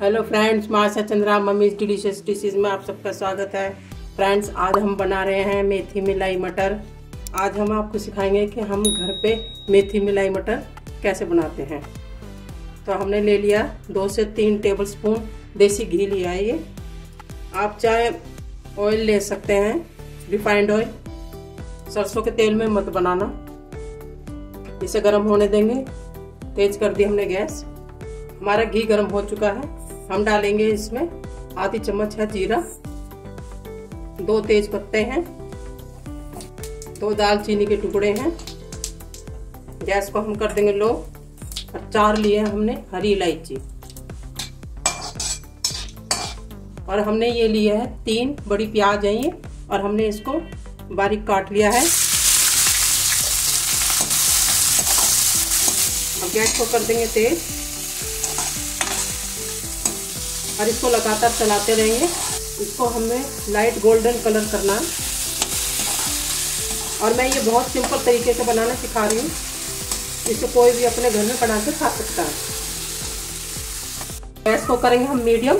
hello friends Masha Chandra mummy's delicious dishes में आप सबका स्वागत है फ्रेंड्स आज हम बना रहे हैं मेथी मिलाई मटर आज हम आपको सिखाएंगे कि हम घर पे मेथी मिलाई मटर कैसे बनाते हैं तो हमने ले लिया दो से तीन टेबल स्पून देसी घी लिया है ये आप चाहे ऑयल ले सकते हैं रिफाइंड ऑयल सरसों के तेल में मत बनाना इसे गर्म होने देंगे तेज कर दी हमने गैस हमारा घी गर्म हो चुका है हम डालेंगे इसमें आधी चम्मच है जीरा दो तेज पत्ते हैं दो दालचीनी के टुकड़े हैं गैस को हम कर देंगे लो और चार लिए हमने हरी इलायची और हमने ये लिया है तीन बड़ी प्याज है ये और हमने इसको बारीक काट लिया है अब गैस को कर देंगे तेज़ और इसको लगातार चलाते रहेंगे इसको हमें लाइट गोल्डन कलर करना और मैं ये बहुत सिंपल तरीके से बनाना सिखा रही हूँ इसे कोई भी अपने घर में बना के खा सकता है गैस को करेंगे हम मीडियम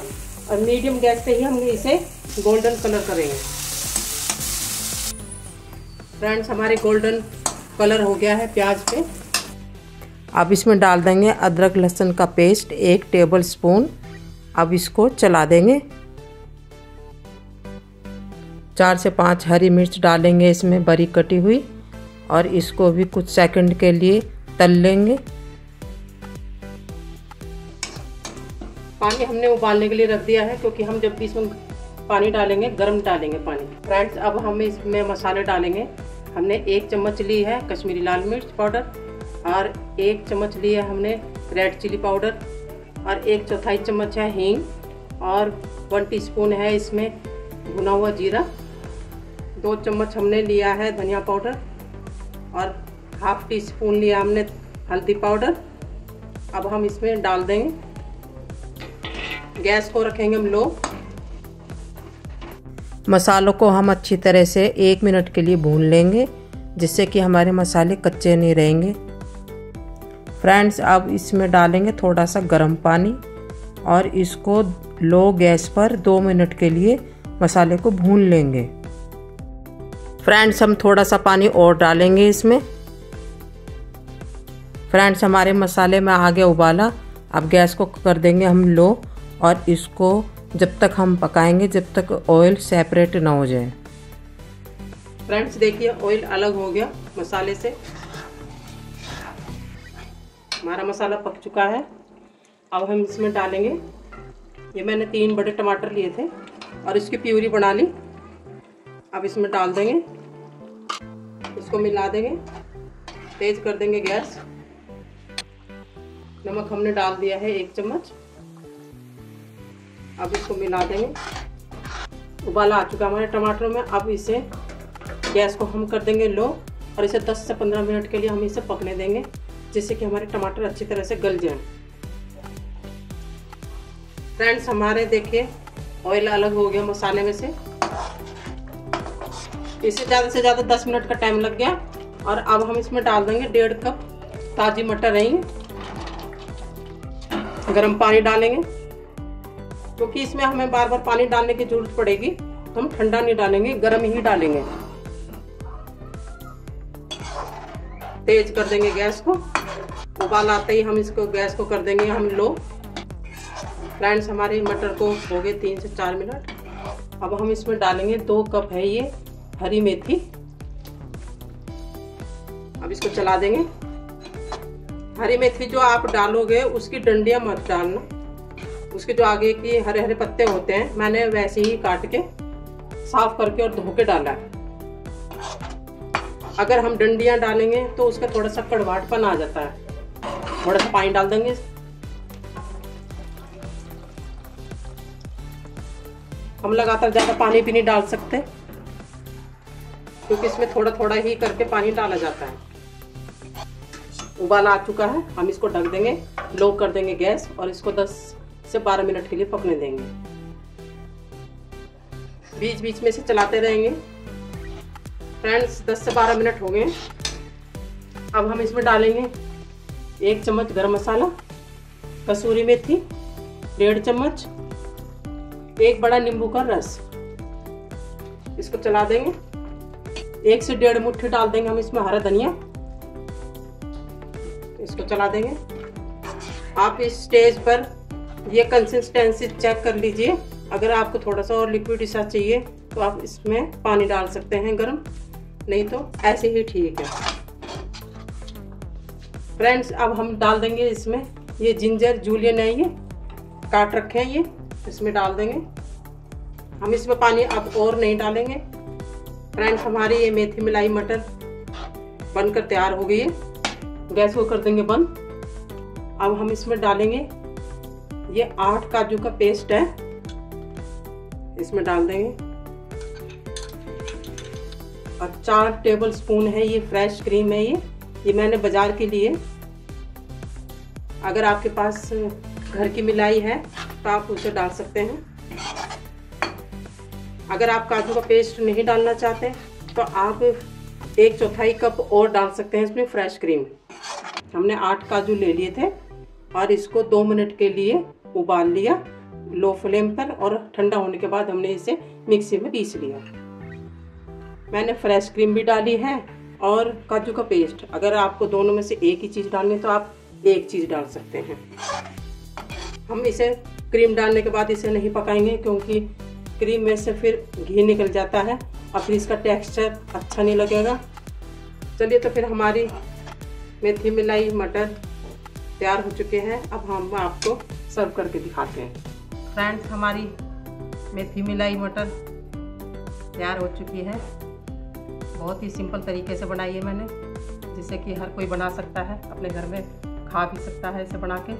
और मीडियम गैस पे ही हम इसे गोल्डन कलर करेंगे फ्रेंड्स हमारे गोल्डन कलर हो गया है प्याज पे आप इसमें डाल देंगे अदरक लहसुन का पेस्ट एक टेबल स्पून अब इसको चला देंगे चार से पांच हरी मिर्च डालेंगे इसमें बारीक कटी हुई और इसको भी कुछ सेकंड के लिए तल लेंगे पानी हमने उबालने के लिए रख दिया है क्योंकि हम जब भी इसमें पानी डालेंगे गर्म डालेंगे पानी फ्रेंड्स अब हम इसमें मसाले डालेंगे हमने एक चम्मच ली है कश्मीरी लाल मिर्च पाउडर और एक चम्मच ली है हमने रेड चिली पाउडर और एक चौथाई चम्मच है हींग और वन टीस्पून है इसमें भुना हुआ जीरा दो चम्मच हमने लिया है धनिया पाउडर और हाफ टी स्पून लिया हमने हल्दी पाउडर अब हम इसमें डाल देंगे गैस को रखेंगे हम लो मसालों को हम अच्छी तरह से एक मिनट के लिए भून लेंगे जिससे कि हमारे मसाले कच्चे नहीं रहेंगे फ्रेंड्स अब इसमें डालेंगे थोड़ा सा गर्म पानी और इसको लो गैस पर दो मिनट के लिए मसाले को भून लेंगे फ्रेंड्स हम थोड़ा सा पानी और डालेंगे इसमें फ्रेंड्स हमारे मसाले में आगे उबाला अब गैस को कर देंगे हम लो और इसको जब तक हम पकाएंगे जब तक ऑयल सेपरेट ना हो जाए फ्रेंड्स देखिए ऑयल अलग हो गया मसाले से हमारा मसाला पक चुका है अब हम इसमें डालेंगे ये मैंने तीन बड़े टमाटर लिए थे और इसकी प्यूरी बना ली अब इसमें डाल देंगे इसको मिला देंगे तेज कर देंगे गैस नमक हमने डाल दिया है एक चम्मच अब इसको मिला देंगे उबाला आ चुका हमारे टमाटरों में अब इसे गैस को हम कर देंगे लो और इसे 10 से 15 मिनट के लिए हम इसे पकने देंगे जिससे कि हमारे टमाटर अच्छी तरह से गल जाएं फ्रेंड्स हमारे देखिए ऑयल अलग हो गया मसाले में से इसे ज़्यादा से ज़्यादा 10 मिनट का टाइम लग गया और अब हम इसमें डाल देंगे डेढ़ कप ताज़ी मटर रही गर्म पानी डालेंगे क्योंकि तो इसमें हमें बार बार पानी डालने की ज़रूरत पड़ेगी तो हम ठंडा नहीं डालेंगे गर्म ही डालेंगे तेज कर देंगे गैस को उबाल आते ही हम इसको गैस को कर देंगे हम लो फ्रेंड्स हमारे मटर को हो गए तीन से चार मिनट अब हम इसमें डालेंगे दो कप है ये हरी मेथी अब इसको चला देंगे हरी मेथी जो आप डालोगे उसकी डंडियां मत डालना उसके जो आगे की हरे हरे पत्ते होते हैं मैंने वैसे ही काट के साफ करके और धो के डाला है अगर हम डंडियाँ डालेंगे तो उसका थोड़ा सा कड़वाटपन आ जाता है थोड़ा सा पानी डाल देंगे हम लगातार ज़्यादा पानी भी नहीं डाल सकते क्योंकि इसमें थोड़ा थोड़ा ही करके पानी डाला जाता है उबाल आ चुका है हम इसको ढक देंगे लो कर देंगे गैस और इसको 10 से 12 मिनट के लिए पकने देंगे बीच बीच में से चलाते रहेंगे फ्रेंड्स 10 से 12 मिनट हो गए अब हम इसमें डालेंगे एक चम्मच गरम मसाला कसूरी मेथी डेढ़ चम्मच एक बड़ा नींबू का रस इसको चला देंगे एक से डेढ़ मुट्ठी डाल देंगे हम इसमें हरा धनिया इसको चला देंगे आप इस स्टेज पर ये कंसिस्टेंसी चेक कर लीजिए अगर आपको थोड़ा सा और लिक्विड सा चाहिए तो आप इसमें पानी डाल सकते हैं गर्म नहीं तो ऐसे ही ठीक है फ्रेंड्स अब हम डाल देंगे इसमें ये जिंजर जूलियन है ये काट रखे हैं ये इसमें डाल देंगे हम इसमें पानी अब और नहीं डालेंगे फ्रेंड्स हमारी ये मेथी मिलाई मटर बनकर तैयार हो गई है गैस को कर देंगे बंद अब हम इसमें डालेंगे ये आठ काजू का पेस्ट है इसमें डाल देंगे और चार टेबल स्पून है ये फ्रेश क्रीम है ये ये मैंने बाज़ार के लिए अगर आपके पास घर की मिलाई है तो आप उसे डाल सकते हैं अगर आप काजू का पेस्ट नहीं डालना चाहते तो आप एक चौथाई कप और डाल सकते हैं इसमें फ्रेश क्रीम हमने आठ काजू ले लिए थे और इसको दो मिनट के लिए उबाल लिया लो फ्लेम पर और ठंडा होने के बाद हमने इसे मिक्सी में पीस लिया मैंने फ्रेश क्रीम भी डाली है और काजू का पेस्ट अगर आपको दोनों में से एक ही चीज़ डालनी है तो आप एक चीज़ डाल सकते हैं हम इसे क्रीम डालने के बाद इसे नहीं पकाएंगे क्योंकि क्रीम में से फिर घी निकल जाता है और फिर इसका टेक्सचर अच्छा नहीं लगेगा चलिए तो फिर हमारी मेथी मिलाई मटर तैयार हो चुके हैं अब हम आपको सर्व करके दिखाते हैं फ्रेंड्स हमारी मेथी मिलाई मटर तैयार हो चुकी है बहुत ही सिंपल तरीके से बनाई है मैंने जिससे कि हर कोई बना सकता है अपने घर में खा भी सकता है इसे बना के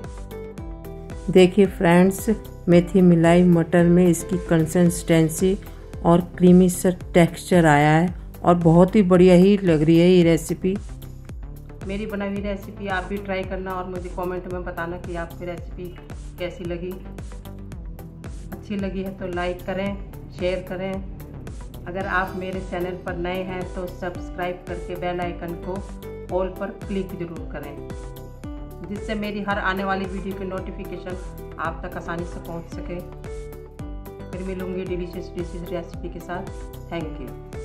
देखिए फ्रेंड्स मेथी मिलाई मटर में इसकी कंसिस्टेंसी और क्रीमी सा टेक्सचर आया है और बहुत ही बढ़िया ही लग रही है ये रेसिपी मेरी बनाई हुई रेसिपी आप भी ट्राई करना और मुझे कमेंट में बताना कि आपकी रेसिपी कैसी लगी अच्छी लगी है तो लाइक करें शेयर करें अगर आप मेरे चैनल पर नए हैं तो सब्सक्राइब करके बेल आइकन को ऑल पर क्लिक जरूर करें जिससे मेरी हर आने वाली वीडियो की नोटिफिकेशन आप तक आसानी से पहुंच सके फिर मिलूंगी डिलीशियस डिशेज रेसिपी के साथ थैंक यू